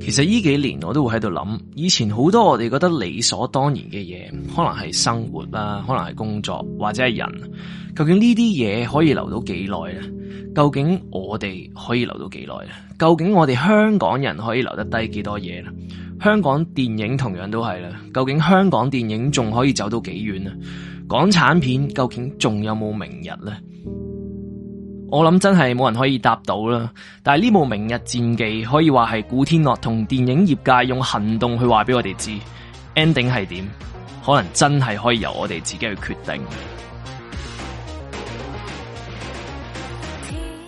其實呢幾年我都會喺度諗，以前好多我哋覺得理所當然嘅嘢，可能係生活啦，可能係工作或者係人，究竟呢啲嘢可以留到幾耐咧？究竟我哋可以留到幾耐咧？究竟我哋香港人可以留得低幾多嘢咧？香港電影同樣都係啦，究竟香港電影仲可以走到幾遠咧？港產片究竟仲有冇明日咧？我諗真係冇人可以答到啦，但係呢部《明日戰記》可以話係古天樂同電影業界用行動去話俾我哋知 ending 係點，可能真係可以由我哋自己去決定。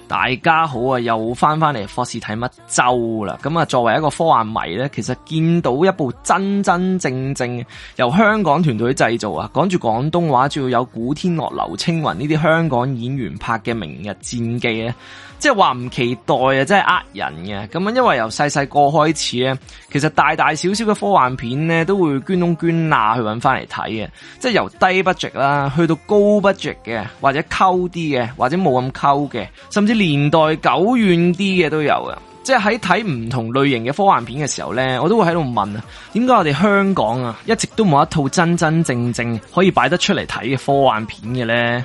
大家好啊，又翻翻嚟《霍士睇乜周》啦。咁啊，作為一個科幻迷咧，其實見到一部真真正正由香港團隊製造啊，講住廣東話，仲要有古天樂流清雲、劉青雲呢啲香港演員拍嘅《明日戰記》咧，即係話唔期待啊，真係呃人嘅。咁啊，因為由細細個開始咧，其實大大小小嘅科幻片咧，都會捐窿捐罅去揾翻嚟睇嘅，即係由低 budget 啦，去到高 budget 嘅，或者溝啲嘅，或者冇咁溝嘅，甚至。年代久遠啲嘅都有啊。即係喺睇唔同類型嘅科幻片嘅時候呢，我都會喺度問啊，點解我哋香港啊，一直都冇一套真真正正可以擺得出嚟睇嘅科幻片嘅呢？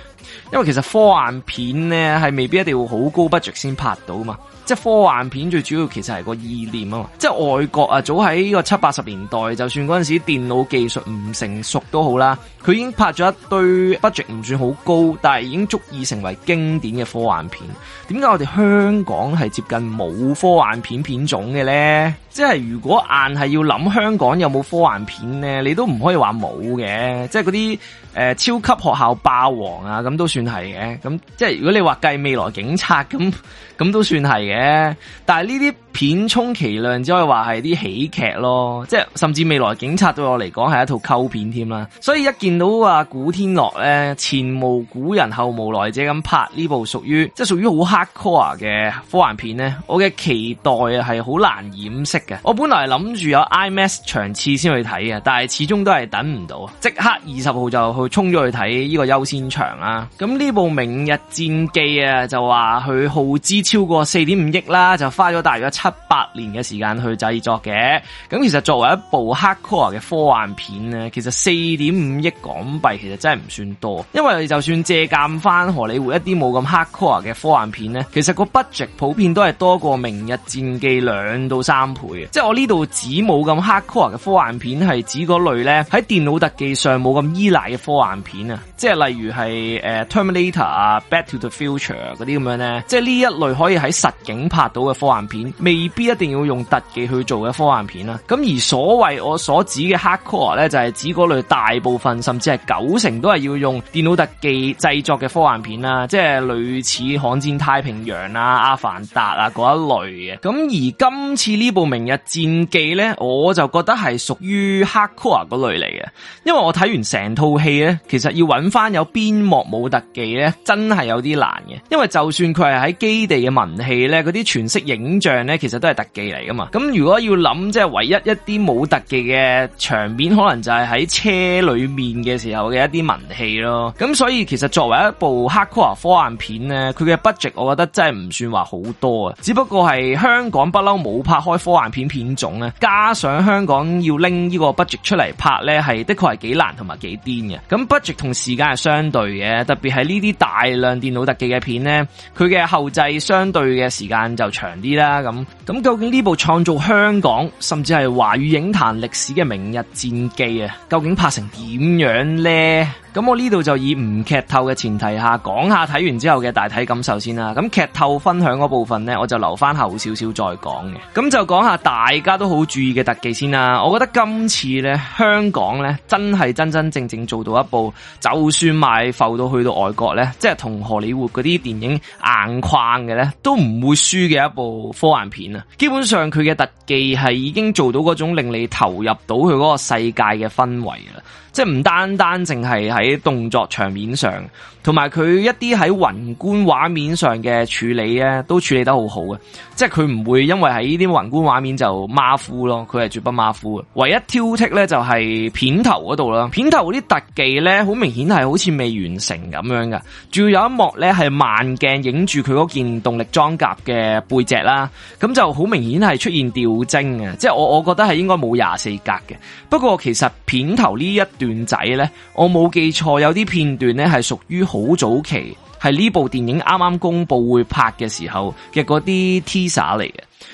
因為其實科幻片呢，係未必一定要好高 budget 先拍到嘛。即係科幻片最主要其實係個意念啊嘛！即係外國啊，早喺呢個七八十年代，就算嗰陣時電腦技術唔成熟都好啦，佢已經拍咗一堆，budget 唔算好高，但係已經足以成為經典嘅科幻片。點解我哋香港係接近冇科幻片片種嘅咧？即係如果硬係要諗香港有冇科幻片呢，你都唔可以話冇嘅。即係嗰啲誒超級學校霸王啊，咁都算係嘅。咁即係如果你話計未來警察咁，咁都算係嘅。但係呢啲。片充其量只可以話係啲喜劇咯，即係甚至未來警察對我嚟講係一套溝片添啦。所以一見到啊，古天樂咧前無古人後無來者咁拍呢部屬於即係屬於好黑 core 嘅科幻片咧，我嘅期待係好難掩飾嘅。我本來諗住有 IMAX 場次先去睇嘅，但係始終都係等唔到，啊，即刻二十號就去沖咗去睇呢個優先場啦。咁呢部明日戰記啊，就話佢耗資超過四點五億啦，就花咗大約七八年嘅時間去製作嘅，咁其實作為一部黑 core 嘅科幻片咧，其實四點五億港幣其實真係唔算多，因為就算借鑑翻荷里活一啲冇咁黑 core 嘅科幻片咧，其實個 budget 普遍都係多過明日戰記兩到三倍嘅，即係我呢度指冇咁黑 core 嘅科幻片係指嗰類咧喺電腦特技上冇咁依賴嘅科幻片啊，即係例如係誒 Terminator 啊，Back to the Future 嗰啲咁樣咧，即係呢一類可以喺實景拍到嘅科幻片。未必一定要用特技去做嘅科幻片啦。咁而所謂我所指嘅 hardcore 咧，就係指嗰類大部分甚至係九成都係要用電腦特技製作嘅科幻片啦，即係類似《寒戰》《太平洋》啊《阿凡達》啊嗰一類嘅。咁而今次呢部《明日戰記》呢，我就覺得係屬於 hardcore 嗰類嚟嘅，因為我睇完成套戲呢，其實要揾翻有邊幕冇特技呢，真係有啲難嘅。因為就算佢係喺基地嘅文戲呢，嗰啲全息影像呢。其實都係特技嚟噶嘛，咁如果要諗，即係唯一一啲冇特技嘅場面，可能就係喺車裏面嘅時候嘅一啲文戲咯。咁所以其實作為一部黑科學科幻片呢，佢嘅 budget 我覺得真係唔算話好多啊。只不過係香港不嬲冇拍開科幻片片種咧，加上香港要拎呢個 budget 出嚟拍呢，係的確係幾難同埋幾癲嘅。咁 budget 同時間係相對嘅，特別係呢啲大量電腦特技嘅片呢，佢嘅後製相對嘅時間就長啲啦。咁咁究竟呢部創造香港甚至係華語影壇歷史嘅《明日戰記》啊，究竟拍成點樣咧？咁我呢度就以唔劇透嘅前提下講下睇完之後嘅大體感受先啦。咁劇透分享嗰部分呢，我就留翻後少少再講嘅。咁就講下大家都好注意嘅特技先啦。我覺得今次呢，香港呢真係真真正正做到一部，就算賣埠到去到外國呢，即係同荷里活嗰啲電影硬撼嘅呢，都唔會輸嘅一部科幻片啊。基本上佢嘅特技係已經做到嗰種令你投入到佢嗰個世界嘅氛圍啦，即係唔單單淨係係。喺動作場面上，同埋佢一啲喺宏觀畫面上嘅處理咧，都處理得好好嘅。即係佢唔會因為喺呢啲宏觀畫面就馬虎咯，佢係絕不馬虎嘅。唯一挑剔咧就係、是、片頭嗰度啦，片頭啲特技咧好明顯係好似未完成咁樣嘅。仲有一幕咧係慢鏡影住佢嗰件動力裝甲嘅背脊啦，咁就好明顯係出現掉幀啊！即係我我覺得係應該冇廿四格嘅。不過其實片頭呢一段仔咧，我冇記。錯，有啲片段咧，係屬於好早期，係呢部電影啱啱公布會拍嘅時候嘅嗰啲 TSA 嚟嘅，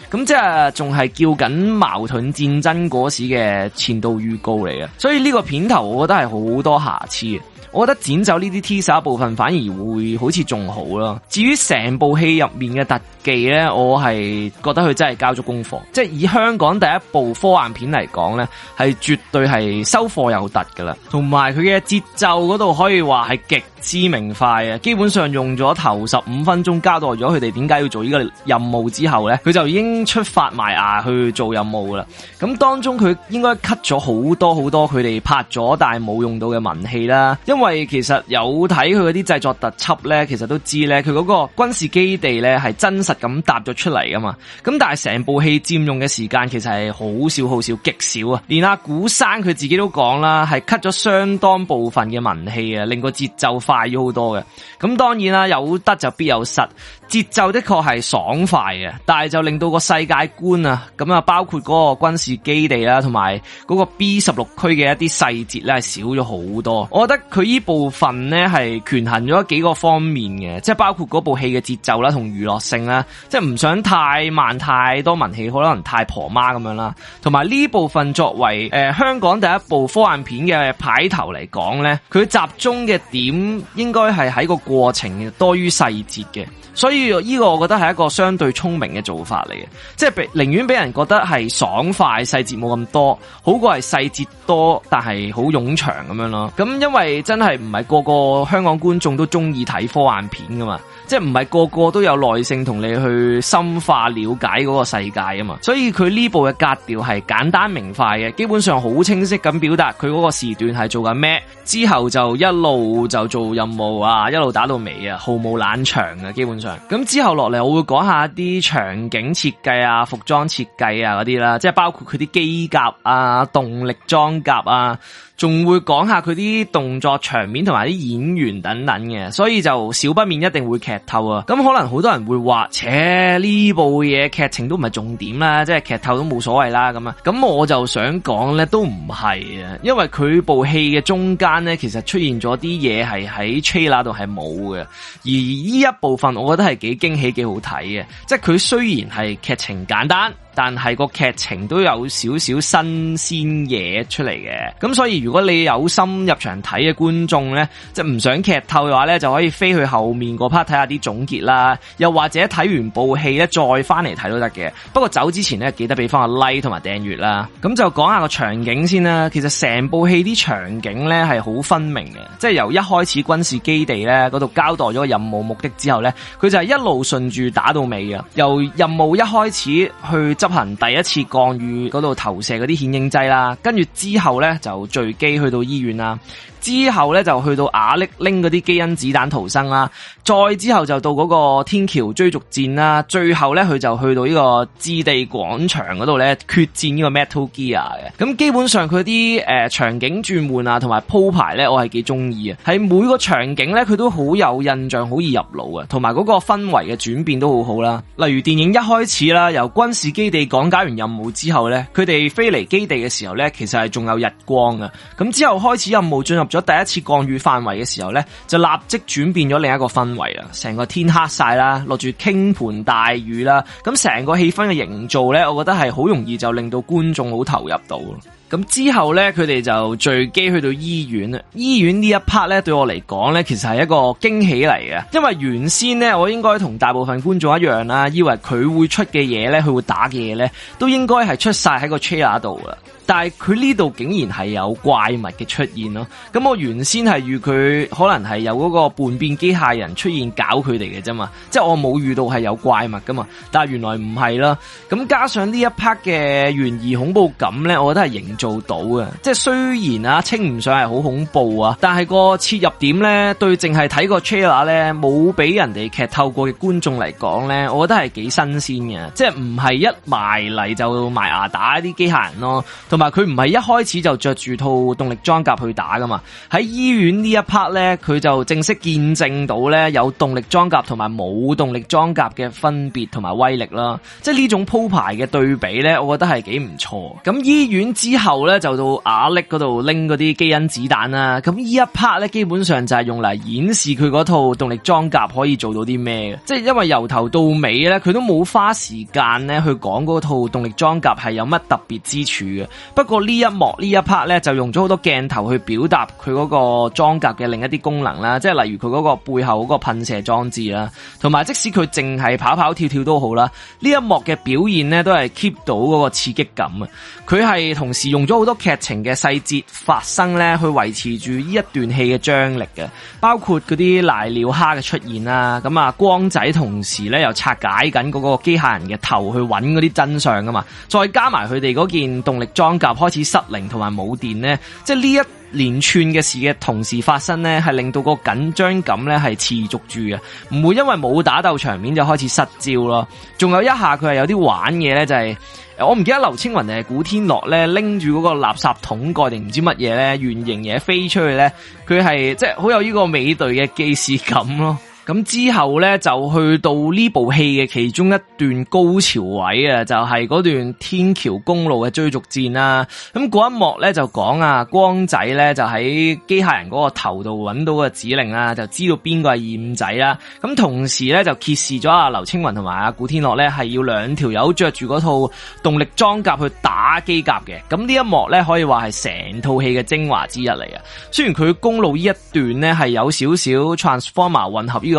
咁即係仲係叫緊矛盾戰爭嗰時嘅前導預告嚟嘅，所以呢個片頭我覺得係好多瑕疵嘅。我覺得剪走呢啲 T 恤部分反而會好似仲好啦。至於成部戲入面嘅特技咧，我係覺得佢真係交咗功課。即係以香港第一部科幻片嚟講咧，係絕對係收貨有突噶啦。同埋佢嘅節奏嗰度可以話係極。知名快啊！基本上用咗頭十五分鐘交代咗佢哋點解要做呢個任務之後呢，佢就已經出發埋牙去做任務噶啦。咁當中佢應該 cut 咗好多好多佢哋拍咗但係冇用到嘅文戲啦。因為其實有睇佢嗰啲製作特輯呢，其實都知呢，佢嗰個軍事基地呢係真實咁搭咗出嚟噶嘛。咁但係成部戲佔用嘅時間其實係好少好少極少啊！連阿古生佢自己都講啦，係 cut 咗相當部分嘅文戲啊，令個節奏。快咗好多嘅，咁當然啦，有得就必有失，節奏的確係爽快嘅，但係就令到個世界觀啊，咁啊，包括嗰個軍事基地啦，同埋嗰個 B 十六區嘅一啲細節咧，係少咗好多。我覺得佢呢部分咧係權衡咗幾個方面嘅，即係包括嗰部戲嘅節奏啦，同娛樂性啦，即係唔想太慢太多文戲，可能太婆媽咁樣啦。同埋呢部分作為誒、呃、香港第一部科幻片嘅牌頭嚟講咧，佢集中嘅點。應該係喺個過程多於細節嘅，所以呢個我覺得係一個相對聰明嘅做法嚟嘅，即係寧願俾人覺得係爽快，細節冇咁多，好過係細節多但係好冗長咁樣咯。咁因為真係唔係個個香港觀眾都中意睇科幻片噶嘛，即係唔係個個都有耐性同你去深化了解嗰個世界啊嘛，所以佢呢部嘅格調係簡單明快嘅，基本上好清晰咁表達佢嗰個時段係做緊咩，之後就一路就做，任務啊，一路打到尾啊，毫無冷場啊，基本上咁之後落嚟，我會講下啲場景設計啊、服裝設計啊嗰啲啦，即係包括佢啲機甲啊、動力裝甲啊，仲會講下佢啲動作場面同埋啲演員等等嘅，所以就少不免一定會劇透啊。咁可能好多人會話，切呢部嘢劇情都唔係重點啦、啊，即係劇透都冇所謂啦咁啊。咁我就想講呢，都唔係啊，因為佢部戲嘅中間呢，其實出現咗啲嘢係。喺 trailer 度係冇嘅，而呢一部分我覺得係幾驚喜、幾好睇嘅，即係佢雖然係劇情簡單。但係個劇情都有少少新鮮嘢出嚟嘅，咁所以如果你有心入場睇嘅觀眾呢，即係唔想劇透嘅話呢，就可以飛去後面嗰 part 睇下啲總結啦，又或者睇完部戲呢，再翻嚟睇都得嘅。不過走之前呢，記得俾翻個 like 同埋訂閱啦。咁就講下個場景先啦。其實成部戲啲場景呢係好分明嘅，即係由一開始軍事基地呢嗰度交代咗個任務目的之後呢，佢就係一路順住打到尾嘅。由任務一開始去執。憑第一次降雨嗰度投射嗰啲顯影劑啦，跟住之後咧就墜機去到醫院啦。之後咧就去到瓦力拎嗰啲基因子彈逃生啦，再之後就到嗰個天橋追逐戰啦，最後咧佢就去到呢個置地廣場嗰度咧決戰呢個 Metal Gear 嘅。咁基本上佢啲誒場景轉換啊，同埋鋪排咧，我係幾中意啊。喺每個場景咧，佢都好有印象，好易入腦啊，同埋嗰個氛圍嘅轉變都好好啦。例如電影一開始啦，由軍事基地講解完任務之後咧，佢哋飛離基地嘅時候咧，其實係仲有日光嘅。咁之後開始任務進入咗第一次降雨範圍嘅時候呢，就立即轉變咗另一個氛圍啊，成個天黑晒啦，落住傾盆大雨啦，咁成個氣氛嘅營造呢，我覺得係好容易就令到觀眾好投入到。咁之後呢，佢哋就墜機去到醫院啦。醫院呢一 part 呢，對我嚟講呢，其實係一個驚喜嚟嘅，因為原先呢，我應該同大部分觀眾一樣啦，以為佢會出嘅嘢呢，佢會打嘅嘢呢，都應該係出晒喺個 trailer 度啦。但係佢呢度竟然係有怪物嘅出現咯，咁我原先係預佢可能係有嗰個叛變機械人出現搞佢哋嘅啫嘛，即係我冇遇到係有怪物噶嘛，但係原來唔係啦，咁加上呢一 part 嘅懸疑恐怖感呢，我覺得係營造到嘅，即係雖然啊稱唔上係好恐怖啊，但係個切入點呢，對淨係睇個 trailer 咧冇俾人哋劇透過嘅觀眾嚟講呢，我覺得係幾新鮮嘅，即係唔係一埋嚟就埋牙打啲機械人咯，同埋佢唔係一開始就着住套動力裝甲去打噶嘛？喺醫院呢一 part 呢，佢就正式見證到呢有動力裝甲同埋冇動力裝甲嘅分別同埋威力啦。即係呢種鋪排嘅對比呢，我覺得係幾唔錯。咁醫院之後呢，就到亞力嗰度拎嗰啲基因子彈啦。咁呢一 part 呢，基本上就係用嚟演示佢嗰套動力裝甲可以做到啲咩嘅。即係因為由頭到尾呢，佢都冇花時間呢去講嗰套動力裝甲係有乜特別之處嘅。不過呢一幕這一呢一 part 咧，就用咗好多鏡頭去表達佢嗰個裝甲嘅另一啲功能啦，即係例如佢嗰個背後嗰個噴射裝置啦，同埋即使佢淨係跑跑跳跳都好啦，呢一幕嘅表現呢，都係 keep 到嗰個刺激感啊！佢係同時用咗好多劇情嘅細節發生呢，去維持住呢一段戲嘅張力嘅，包括嗰啲瀨尿蝦嘅出現啦，咁啊光仔同時呢，又拆解緊嗰個機械人嘅頭去揾嗰啲真相㗎嘛，再加埋佢哋嗰件動力裝。裝甲開始失靈同埋冇電呢，即係呢一連串嘅事嘅同時發生呢，係令到個緊張感呢係持續住嘅，唔會因為冇打鬥場面就開始失焦咯。仲有一下佢係有啲玩嘢呢，就係、是、我唔記得劉青雲定係古天樂呢拎住嗰個垃圾桶蓋定唔知乜嘢呢，圓形嘢飛出去呢。佢係即係好有呢個美隊嘅既視感咯。咁之後咧就去到呢部戲嘅其中一段高潮位啊，就係、是、嗰段天橋公路嘅追逐戰啦。咁嗰一幕咧就講啊，光仔咧就喺機械人嗰個頭度揾到個指令啦，就知道邊個係燕仔啦。咁同時咧就揭示咗阿劉青雲同埋阿古天樂咧係要兩條友着住嗰套動力裝甲去打機甲嘅。咁呢一幕咧可以話係成套戲嘅精華之一嚟啊。雖然佢公路呢一段咧係有少少 transformer 混合呢個。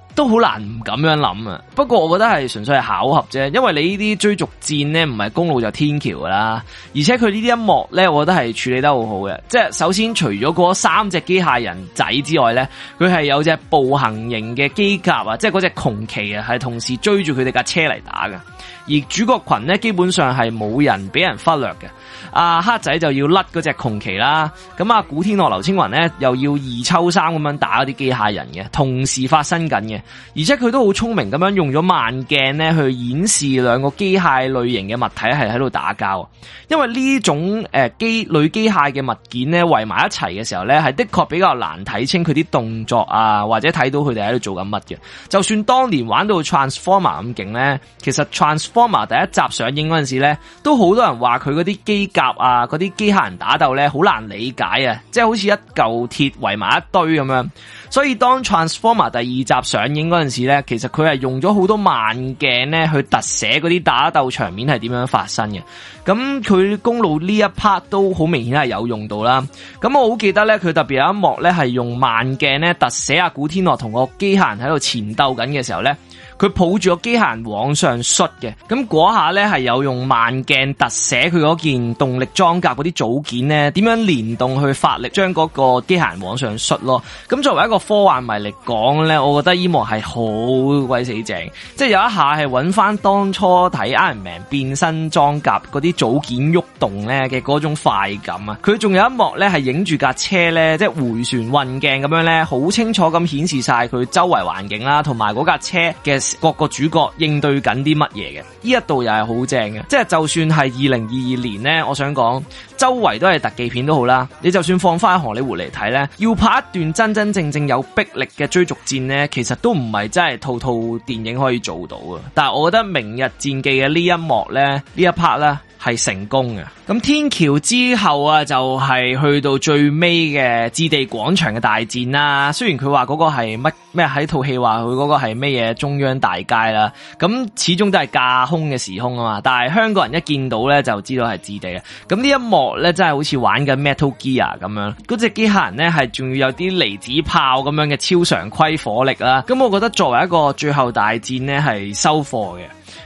都好難唔咁樣諗啊！不過我覺得係純粹係巧合啫，因為你呢啲追逐戰呢，唔係公路就天橋啦。而且佢呢啲一幕呢，我覺得係處理得好好嘅。即係首先除咗嗰三隻機械人仔之外呢，佢係有隻步行型嘅機甲啊，即係嗰隻窮奇啊，係同時追住佢哋架車嚟打嘅。而主角群呢，基本上係冇人俾人忽略嘅。阿黑仔就要甩嗰隻窮奇啦，咁啊，古天樂、劉青雲呢，又要二抽三咁樣打啲機械人嘅，同時發生緊嘅。而且佢都好聰明咁樣用咗慢鏡咧，去演示兩個機械類型嘅物體係喺度打交。因為呢種誒機類機械嘅物件咧，圍埋一齊嘅時候咧，係的確比較難睇清佢啲動作啊，或者睇到佢哋喺度做緊乜嘅。就算當年玩到 Transformer 咁勁咧，其實 Transformer 第一集上映嗰陣時咧，都好多人話佢嗰啲機甲啊，嗰啲機械人打鬥咧，好難理解啊，即係好似一嚿鐵圍埋一堆咁樣。所以當 Transformer 第二集上映嗰陣時咧，其實佢係用咗好多慢鏡咧去特寫嗰啲打鬥場面係點樣發生嘅。咁佢公路呢一 part 都好明顯係有用到啦。咁我好記得咧，佢特別有一幕咧係用慢鏡咧特寫阿古天樂同個機械人喺度纏鬥緊嘅時候咧。佢抱住個機械人往上摔嘅，咁嗰下呢，係有用慢鏡特寫佢嗰件動力裝甲嗰啲組件呢，點樣聯動去發力將嗰個機械人往上摔咯。咁作為一個科幻迷嚟講呢，我覺得呢幕係好鬼死正，即係有一下係搵翻當初睇 Iron Man 變身裝甲嗰啲組件喐動呢嘅嗰種快感啊。佢仲有一幕呢，係影住架車呢，即係回旋運鏡咁樣呢，好清楚咁顯示晒佢周圍環境啦，同埋嗰架車嘅。各個主角應對緊啲乜嘢嘅？呢一度又係好正嘅，即係就算係二零二二年呢，我想講周圍都係特技片都好啦。你就算放翻《荷里活》嚟睇呢，要拍一段真真正正有逼力嘅追逐戰呢，其實都唔係真係套套電影可以做到嘅。但係我覺得《明日戰記》嘅呢一幕呢，呢一 part 呢係成功嘅，咁天橋之後啊，就係去到最尾嘅置地廣場嘅大戰啦。雖然佢話嗰個係乜咩喺套戲話佢嗰個係乜嘢中央大街啦，咁始終都係架空嘅時空啊嘛。但係香港人一見到咧就知道係置地啊。咁呢一幕咧真係好似玩緊 Metal Gear 咁樣，嗰隻機械人咧係仲要有啲離子炮咁樣嘅超常規火力啦。咁我覺得作為一個最後大戰呢，係收貨嘅。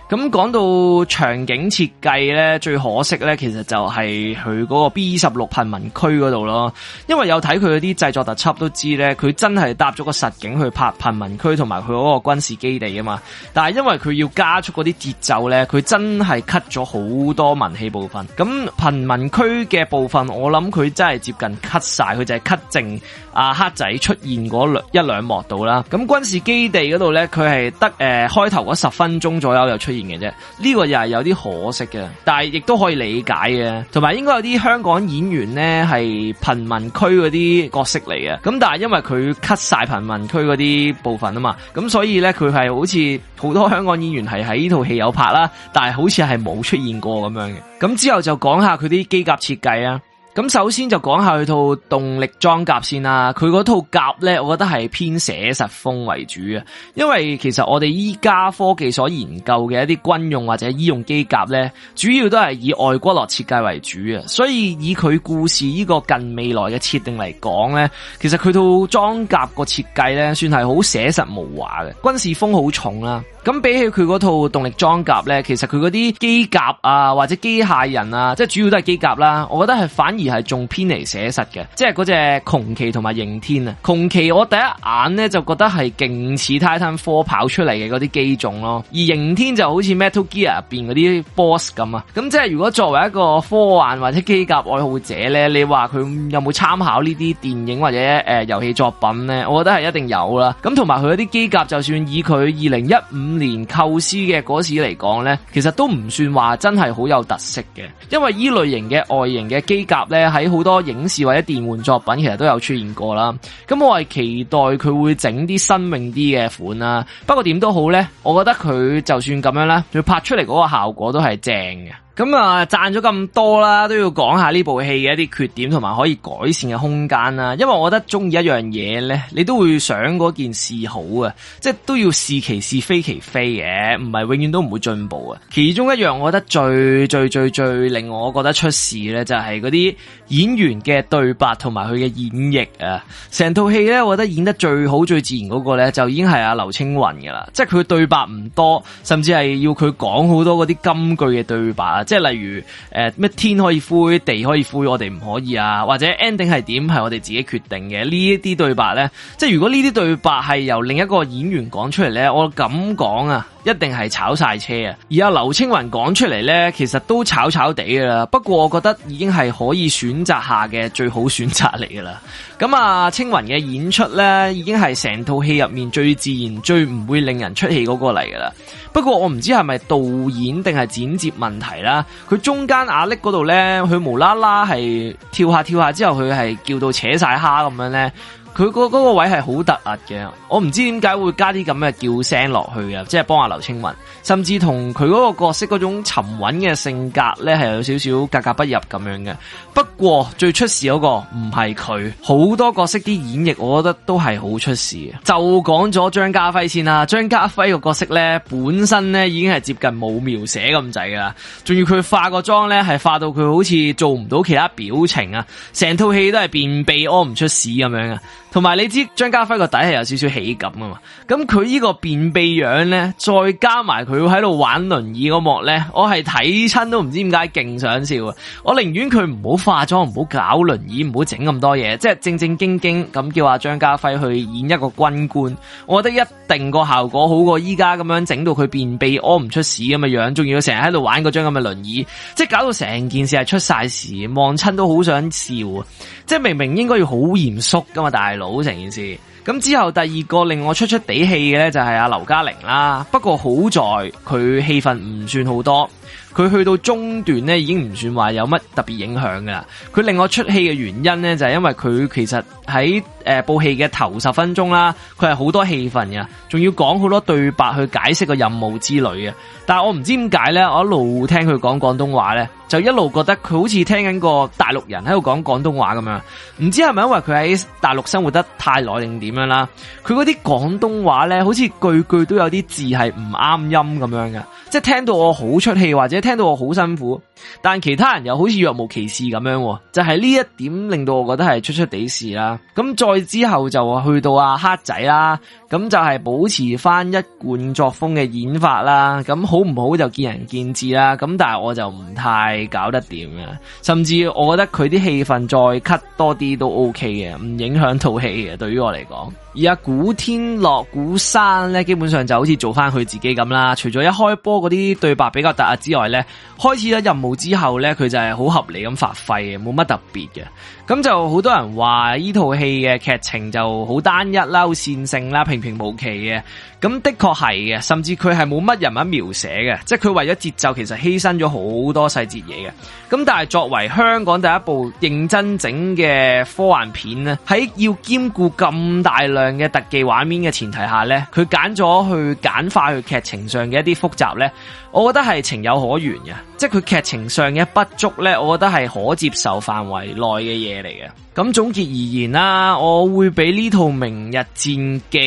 咁講到場景設計呢，最可惜呢，其實就係佢嗰個 B 十六貧民區嗰度咯。因為有睇佢嗰啲製作特輯都知呢，佢真係搭咗個實景去拍貧民區同埋佢嗰個軍事基地啊嘛。但係因為佢要加速嗰啲節奏呢，佢真係 cut 咗好多文戲部分。咁貧民區嘅部分，我諗佢真係接近 cut 晒，佢就係 cut 剩阿黑仔出現嗰兩一兩幕到啦。咁軍事基地嗰度呢，佢係得誒開頭嗰十分鐘左右。出現嘅啫，呢個又係有啲可惜嘅，但係亦都可以理解嘅，同埋應該有啲香港演員呢係貧民區嗰啲角色嚟嘅，咁但係因為佢 cut 晒貧民區嗰啲部分啊嘛，咁所以呢，佢係好似好多香港演員係喺呢套戲有拍啦，但係好似係冇出現過咁樣嘅。咁之後就講下佢啲機甲設計啊。咁首先就講下佢套動力裝甲先啦，佢嗰套甲呢，我覺得係偏寫實風為主啊。因為其實我哋依家科技所研究嘅一啲軍用或者醫用機甲呢，主要都係以外骨骼設計為主啊。所以以佢故事呢個近未來嘅設定嚟講呢，其實佢套裝甲個設計呢，算係好寫實無華嘅，軍事風好重啦。咁比起佢嗰套動力裝甲呢，其實佢嗰啲機甲啊或者機械人啊，即係主要都係機甲啦，我覺得係反而。而係仲偏離寫實嘅，即係嗰隻窮奇同埋刑天啊！窮奇我第一眼咧就覺得係勁似 Titanfall 跑出嚟嘅嗰啲機種咯，而刑天就好似 Metal Gear 入邊嗰啲 boss 咁啊！咁即係如果作為一個科幻或者機甲愛好者咧，你話佢有冇參考呢啲電影或者誒遊戲作品咧？我覺得係一定有啦。咁同埋佢一啲機甲，就算以佢二零一五年構思嘅嗰時嚟講咧，其實都唔算話真係好有特色嘅，因為呢類型嘅外形嘅機甲呢咧喺好多影視或者電玩作品，其實都有出現過啦。咁我係期待佢會整啲新穎啲嘅款啦。不過點都好咧，我覺得佢就算咁樣咧，佢拍出嚟嗰個效果都係正嘅。咁啊，賺咗咁多啦，都要講下呢部戲嘅一啲缺點同埋可以改善嘅空間啦。因為我覺得中意一樣嘢咧，你都會想嗰件事好啊，即係都要是其是非其非嘅，唔係永遠都唔會進步啊。其中一樣我覺得最最最最令我覺得出事咧，就係嗰啲演員嘅對白同埋佢嘅演繹啊。成套戲咧，我覺得演得最好最自然嗰個咧，就已經係阿劉青雲噶啦。即係佢對白唔多，甚至係要佢講好多嗰啲金句嘅對白。即係例如誒、咩天可以灰，地可以灰，我哋唔可以啊，或者 ending 係點，係我哋自己決定嘅呢一啲對白咧，即係如果呢啲對白係由另一個演員講出嚟咧，我咁講啊。一定係炒晒車啊！而阿劉青雲講出嚟呢，其實都炒炒地噶啦。不過我覺得已經係可以選擇下嘅最好選擇嚟噶啦。咁啊，青雲嘅演出呢，已經係成套戲入面最自然、最唔會令人出戲嗰個嚟噶啦。不過我唔知係咪導演定係剪接問題啦。佢中間壓力嗰度呢，佢無啦啦係跳下跳下之後，佢係叫到扯晒蝦咁樣呢。佢個嗰個位係好突兀嘅，我唔知點解會加啲咁嘅叫聲落去嘅，即係幫阿劉青雲，甚至同佢嗰個角色嗰種沉穩嘅性格呢，係有少少格格不入咁樣嘅。不過最出事嗰個唔係佢，好多角色啲演繹我覺得都係好出事。就講咗張家輝先啦，張家輝個角色呢，本身呢已經係接近冇描寫咁滯噶啦，仲要佢化個妝呢，係化到佢好似做唔到其他表情啊，成套戲都係便秘屙唔出屎咁樣啊！同埋你知張家輝個底係有少少喜感啊嘛？咁佢呢個便秘樣咧，再加埋佢喺度玩輪椅嗰幕咧，我係睇親都唔知點解勁想笑啊！我寧願佢唔好化妝，唔好搞輪椅，唔好整咁多嘢，即係正正經經咁叫阿張家輝去演一個軍官，我覺得一定個效果好過依家咁樣整到佢便秘屙唔出屎咁嘅樣，仲要成日喺度玩嗰張咁嘅輪椅，即係搞到成件事係出晒事，望親都好想笑啊！即係明明應該要好嚴肅噶嘛，大佬。好成件事，咁之後第二個令我出出地氣嘅呢，就係阿劉嘉玲啦，不過好在佢戲份唔算好多。佢去到中段咧，已經唔算話有乜特別影響噶啦。佢令我出戲嘅原因咧，就係因為佢其實喺誒、呃、部戲嘅頭十分鐘啦，佢係好多戲份嘅，仲要講好多對白去解釋個任務之類嘅。但係我唔知點解咧，我一路聽佢講廣東話咧，就一路覺得佢好似聽緊個大陸人喺度講廣東話咁樣。唔知係咪因為佢喺大陸生活得太耐定點樣啦？佢嗰啲廣東話咧，好似句句都有啲字係唔啱音咁樣嘅，即係聽到我好出戲或者。.聽到我好辛苦，但其他人又好似若無其事咁樣，就係、是、呢一點令到我覺得係出出地事啦。咁再之後就話去到啊黑仔啦。咁就係保持翻一貫作風嘅演法啦，咁好唔好就見仁見智啦。咁但係我就唔太搞得掂啦，甚至我覺得佢啲戲份再 cut 多啲都 OK 嘅，唔影響套戲嘅。對於我嚟講，而家古天樂、古山咧，基本上就好似做翻佢自己咁啦。除咗一開波嗰啲對白比較突兀之外咧，開始咗任務之後咧，佢就係好合理咁發揮嘅，冇乜特別嘅。咁就好多人話呢套戲嘅劇情就好單一啦、好線性啦。平平無奇嘅，咁的確係嘅，甚至佢係冇乜人物描寫嘅，即係佢為咗節奏，其實犧牲咗好多細節嘢嘅。咁但係作為香港第一部認真整嘅科幻片呢，喺要兼顧咁大量嘅特技畫面嘅前提下呢，佢揀咗去簡化去劇情上嘅一啲複雜呢，我覺得係情有可原嘅。即係佢劇情上嘅不足呢，我覺得係可接受範圍內嘅嘢嚟嘅。咁總結而言啦，我會俾呢套《明日戰記》。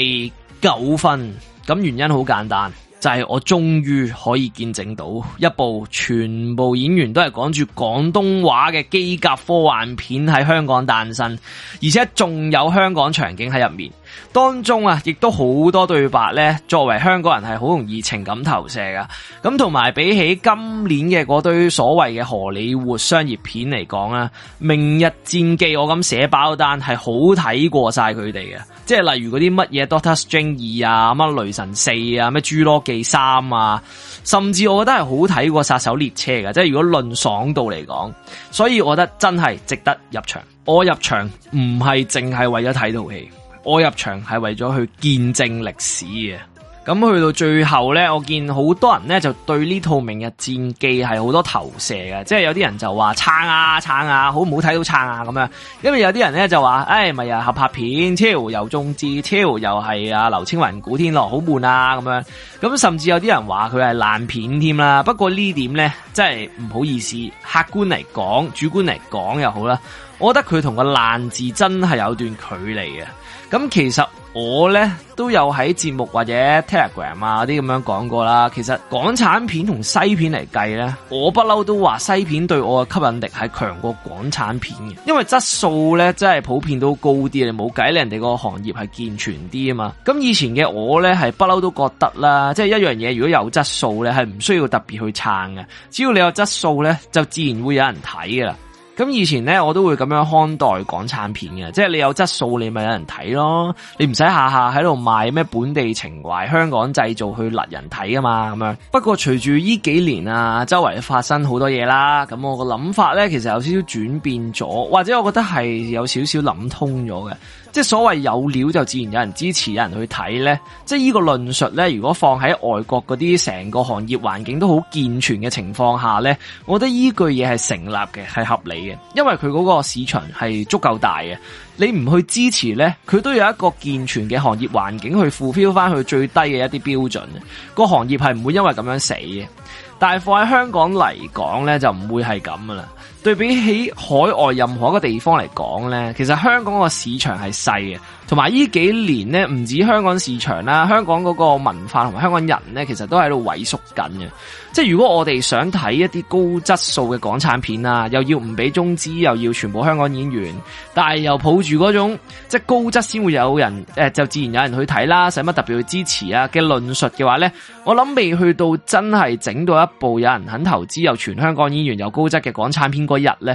九分。咁原因好簡單，就係我終於可以見證到一部全部演員都係講住廣東話嘅機甲科幻片喺香港誕生，而且仲有香港場景喺入面。當中啊，亦都好多對白呢，作為香港人，係好容易情感投射噶。咁同埋，比起今年嘅嗰堆所謂嘅荷里活商業片嚟講啊，《明日戰記》，我咁寫包單係好睇過晒佢哋嘅。即係例如嗰啲乜嘢《Doctor Strange》二啊，乜《雷神四》啊，乜《侏羅紀三》啊，甚至我覺得係好睇過《殺手列車》㗎。即係如果論爽度嚟講，所以我覺得真係值得入場。我入場唔係淨係為咗睇套戲。我入場係為咗去見證歷史嘅，咁去到最後呢，我見好多人呢，就對呢套《明日戰記》係好多投射嘅，即係有啲人就話撐啊撐啊，好唔好睇到撐啊咁樣。因為有啲人呢，就、哎、話，誒、啊，咪又合拍片，超又中資，超，又係阿劉青雲、古天樂，好悶啊咁樣。咁甚至有啲人話佢係爛片添啦。不過呢點呢，真係唔好意思，客觀嚟講，主觀嚟講又好啦，我覺得佢同個爛字真係有段距離嘅。咁其實我咧都有喺節目或者 Telegram 啊啲咁樣講過啦。其實港產片同西片嚟計咧，我不嬲都話西片對我嘅吸引力係強過港產片嘅，因為質素咧真係普遍都高啲。你冇計，你人哋個行業係健全啲啊嘛。咁以前嘅我咧係不嬲都覺得啦，即係一樣嘢，如果有質素咧，係唔需要特別去撐嘅，只要你有質素咧，就自然會有人睇㗎啦。咁以前呢，我都會咁樣看待港產片嘅，即係你有質素，你咪有人睇咯。你唔使下下喺度賣咩本地情懷、香港製造去攔人睇啊嘛。咁樣。不過隨住呢幾年啊，周圍發生好多嘢啦，咁我個諗法呢，其實有少少轉變咗，或者我覺得係有少少諗通咗嘅。即係所謂有料就自然有人支持、有人去睇呢。即係呢個論述呢，如果放喺外國嗰啲成個行業環境都好健全嘅情況下呢，我覺得依句嘢係成立嘅，係合理。因為佢嗰個市場係足夠大嘅，你唔去支持呢，佢都要有一個健全嘅行業環境去浮漂翻去最低嘅一啲標準，個行業係唔會因為咁樣死嘅。但係放喺香港嚟講呢，就唔會係咁噶啦。對比起海外任何一個地方嚟講呢，其實香港個市場係細嘅，同埋呢幾年呢，唔止香港市場啦，香港嗰個文化同埋香港人呢，其實都喺度萎縮緊嘅。即係如果我哋想睇一啲高質素嘅港產片啊，又要唔俾中資，又要全部香港演員，但係又抱住嗰種即係高質先會有人誒，就自然有人去睇啦，使乜特別去支持啊嘅論述嘅話呢，我諗未去到真係整到一部有人肯投資又全香港演員又高質嘅港產片，個日呢，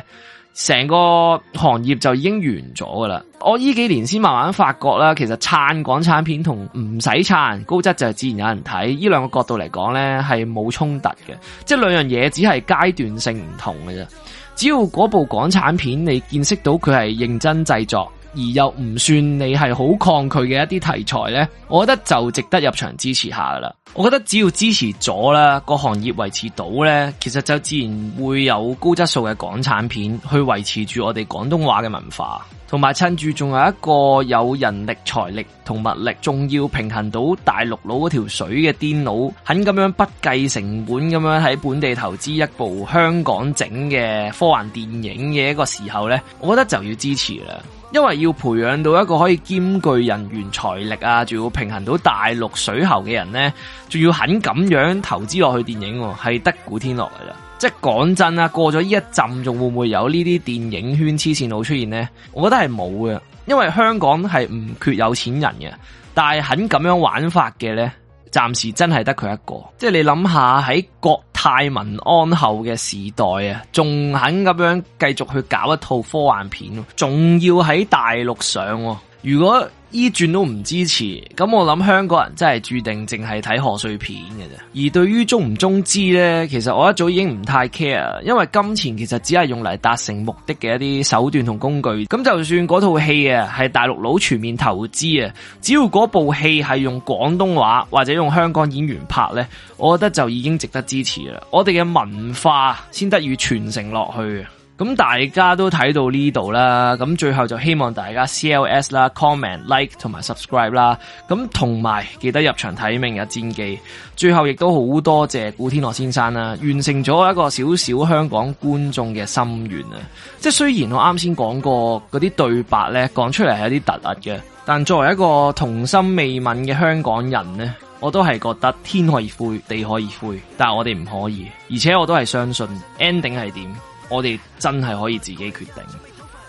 成個行業就已經完咗㗎喇。我呢幾年先慢慢發覺啦，其實撐港產片同唔使撐，高質就自然有人睇。呢兩個角度嚟講呢，係冇衝突嘅，即係兩樣嘢只係階段性唔同嘅啫。只要嗰部港產片你見識到佢係認真製作，而又唔算你係好抗拒嘅一啲題材咧，我覺得就值得入場支持下噶啦。我覺得只要支持咗啦，個行業維持到咧，其實就自然會有高質素嘅港產片去維持住我哋廣東話嘅文化，同埋趁住仲有一個有人力、財力同物力，仲要平衡到大陸佬嗰條水嘅癲佬肯咁樣不計成本咁樣喺本地投資一部香港整嘅科幻電影嘅一個時候咧，我覺得就要支持啦。因為要培養到一個可以兼具人員財力啊，仲要平衡到大陸水喉嘅人呢，仲要肯咁樣投資落去電影喎，係得古天樂嚟啦。即係講真啦，過咗呢一陣，仲會唔會有呢啲電影圈黐線佬出現呢？我覺得係冇嘅，因為香港係唔缺有錢人嘅，但係肯咁樣玩法嘅呢，暫時真係得佢一個。即係你諗下喺國在泰民安後嘅時代啊，仲肯咁樣繼續去搞一套科幻片，仲要喺大陸上，如果？依轉都唔支持，咁我諗香港人真係注定淨係睇賀歲片嘅啫。而對於中唔中資呢，其實我一早已經唔太 care，因為金錢其實只係用嚟達成目的嘅一啲手段同工具。咁就算嗰套戲啊係大陸佬全面投資啊，只要嗰部戲係用廣東話或者用香港演員拍呢，我覺得就已經值得支持啦。我哋嘅文化先得以傳承落去。咁大家都睇到呢度啦，咁最後就希望大家 CLS 啦 comment like 同埋 subscribe 啦，咁同埋記得入場睇明日戰記。最後亦都好多謝古天樂先生啦，完成咗一個少少香港觀眾嘅心願啊！即係雖然我啱先講過嗰啲對白呢，講出嚟係有啲突兀嘅，但作為一個童心未泯嘅香港人呢，我都係覺得天可以灰，地可以灰，但係我哋唔可以，而且我都係相信 ending 係點。我哋真係可以自己決定，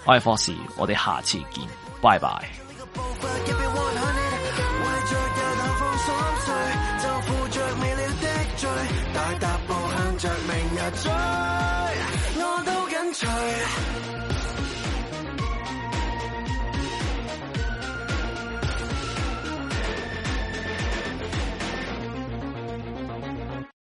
我係霍士，我哋下次見，拜拜。